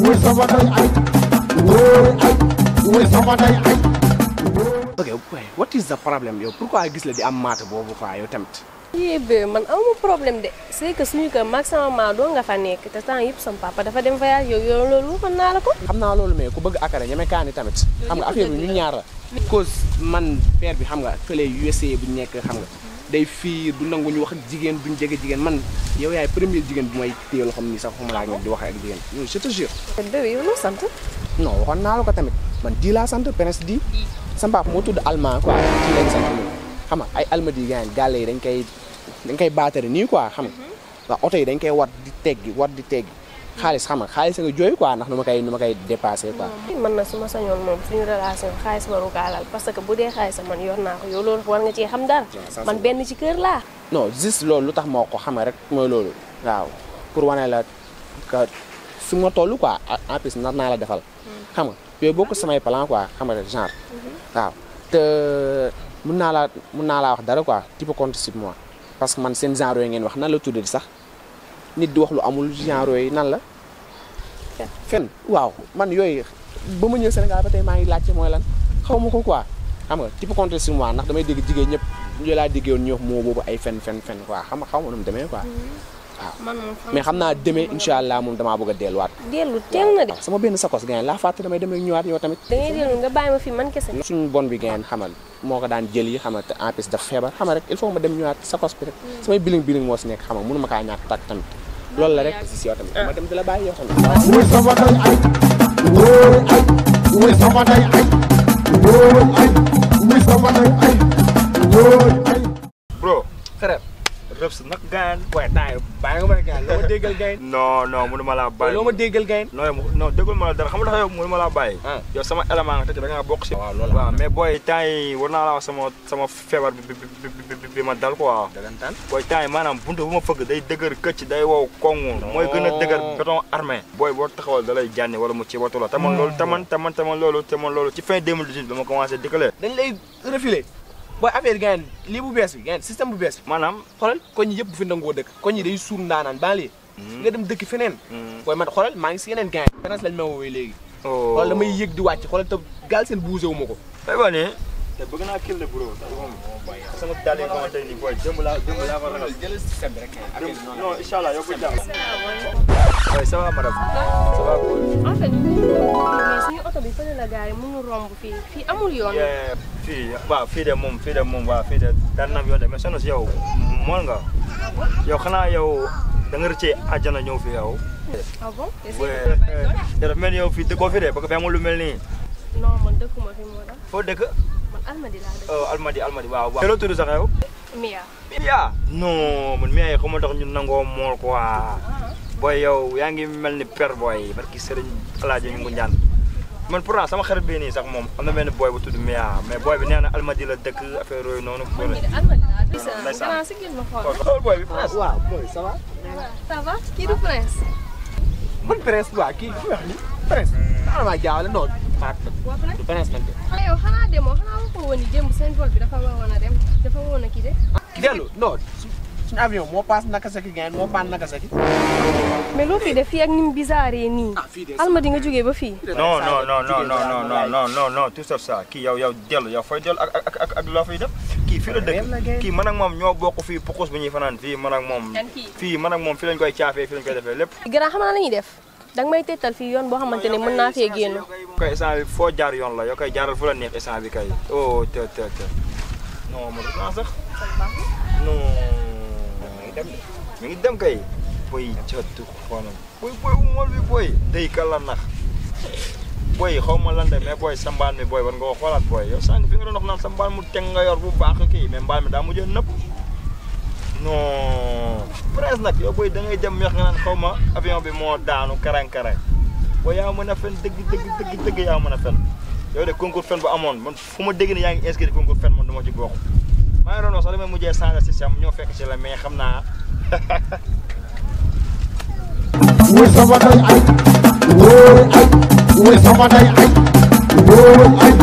wóor sama ndey ay wóor ay wóor what is the problem yow pourquoi gis la di am maata boobu quoi yow tamit. yéen eh man amu problème de c'est que suñu kër mag maa doo nga fa nekk te temps yëpp sama papa dafa dem voyage yow yow loolu waxoon naa la ko. xam naa loolu mais ku bëgg akara ñeme kaani tamit. xam nga affaire bi ñu ñaar la. cause man père bi xam nga fële USA bu ñu nekk xam nga. day fiir du nangu ñu wax ak jigéen ñu jege jigéen man yow yaay premier jigéen bu may téye loo xam ni sax xuma laa di waxee ak jigéen non je te jure. déwén yow sant. non waxoon naa ko tamit man di laa sant Prince di sa mbaap moo tudd allemand quoi di leen sant loolu xam ay almadi yi gaañ gàlle yi dañ koy dañ koy baatare nii quoi xam nga mm-hmm. waaw oto yi dañ koy war di teggi war di teggi xaalis xam nga xaalis nga jooy quoi ndax nu koy nu ma koy dépassé quoi. man na su ma sañoon moom suñu relation xaalis waru gaalal parce que bu dee xaalis man yor naa ko yow loolu war nga cee xam dara. man benn ci kër laa. non juste loolu lu tax moo ko xam rek mooy loolu. waaw pour wane la que su ma toll quoi en plus nar naa la defal. xam nga yooyu samay plan quoi xam nga genre. waaw te mun naa laa mun naa laa wa dara quoi tu peux compter sur que man seen genre yooyu wax nan la tuddee sax. nit di wax lu amul genre yi nan la. fen waaw man yooyu ba ma ñëw Sénégal ba tey maa ngi laajte mooy lan xaw ma ko quoi xam nga ci compter sur ndax damay dégg jigéen ñëpp ñu laa déggoon ñëw moo boobu ay fen fen fen quoi xam nga xaw ma nu demee quoi. Mm-hmm. waaw ah. mais xam naa demee incha allah moom damaa bëgg a delluwaat. dellu teel na de. Ah, sama benn sakos gain laa fàtte damay demee ñëwaat yow tamit. da ngay dellu nga bàyyi ma fi man kese. suñu bon bi gain xamal moo ko daan jël yi xamal te en plus daf feebar xamal rek il faut ma dem ñëwaat sakos bi rek. Hmm. samay biling biling moo si nekk xamal mënu ma kaa ñàkk tàkk tamit ah, loolu la rek si yow tamit ma dem di la tamit. wóor sama day ay wóor Klopz nag gaan waaye temps bàyyi nga ma gaan loo ma déggal gayn ma laa bàyyi loo ma déggal gayn non non déggul ma la dara xam nga dafa yow mënu laa bàyyi ah. yow sama élément te da ngaa bokk si booy temps yi war naa la sama feebar bi bi ma dal quoi dagantaan booy temps yi buntu bu ma fëgg day dëgër këcc day wow koŋŋu mooy gën a dëgër béton armé booy boo taxawal da lay jànni wala mu ci watu la taman loolu taman loolu ci fin 2018 dama commencé dëkkale dañ lay refiler booy affaire gars yi lii bu bees bi gars sistem bu bees bi. maanaam xoolal koñ yi yëpp bu fi nangoo dëkk. koñ yi day suur ndaanaan banlieue. Hmm. nga dem dëkk feneen. Hmm. booy man xoolal maa ngi si yeneen gars yi. France lañ ma woowee léegi. Oh. xoolal damay yëg di wàcc xoolal te gaal seen bousee wu ma ko. Ya, te bëgg kill de bro te moom sama daal yi xamante ni booy démb laa démb laa ko ragal non allah yow ya, ko jàmm oui ça va madame ça va cool en fait mais suñu oto bi fële la gars yi mënu romb fii fii amul yoon fii waaw fii de moom fii de moom waaw fii de daan na yoon de mais sonos yow mool nga yow xanaa yow da nga ni lu mel nii non man dëkkuma fi moo tax foo dëkk man almadi laa dëkk. oh eh, almadi almadi waaw waaw. yow tudd sax yow. Mia. Mia. non man Mia yi ya, xamal tax ñun nangoo mool quoi. Uh-huh. boy yow yaa ngi mel per boy barki sëriñ alaaji ñu ngi ñaan. man pourtant sama xarit bii nii sax moom am anu na boy bu tudd Mia mais boy bi nee na almadi la dëkk affaire yooyu noonu. man mii de almadi laa dëkk. danaa si gën ma xool. boy bi prince. waaw boy ça va. ça va kii du prince. man prince waaw kii wax nii prince. maa jaawale noonu. xaar du branchement ah, yow xanaa demoo xanaa waxoo woon ni démb seen vol bi dafa waroon a dem dafa waroon a kii de. dellu non suñu avion moo paas Nagasaki gain moo paan Nagasaki. mais loo fi def fii ak ni mu bizarre nii. Ah, almadi nga jógee ba fii. no non non non non non non kii yow yow dellu yow fooy dellu ak ak ak ak loo fay def. kii fii la dëkk kii man moom ñoo bokk fii pukus bu ñuy fanaan fii man ak moom. fii man moom fii lañ koy caafee fii lañ koy defee lépp. gannaaw xam naa la ñuy def. danga may téetal fii yoon boo xamante ne mën naa fee génn. kay instant foo jaar yoon la yoo koy jaaral fu la neex instant kay. oh te te te non ma du sax. non. mi ngi dem kay. boy jàttu day ka la nax. boy xaw ma lan de mais boy sa mbaan mi boy xoolaat boy yow sànq fi nga doon wax sa mbaan mu teg nga yor bu baax kii mais mbaan mi daa mujjee nëpp. non presse nag yow booy da ngay jëm ñax nga naan xaw ma avion bi moo daanu karang karang boo yaa mën a fen dëgg dëgg dëgg dëgg yaa mën a fen yow de concours fen bu amoon man fu ma dégg ne yaa ngi inscrit concours fen man du ma ci bokk maa ngi ñoo fekk ci la mais xam naa wuy sama ay wóor ay ay wóor ay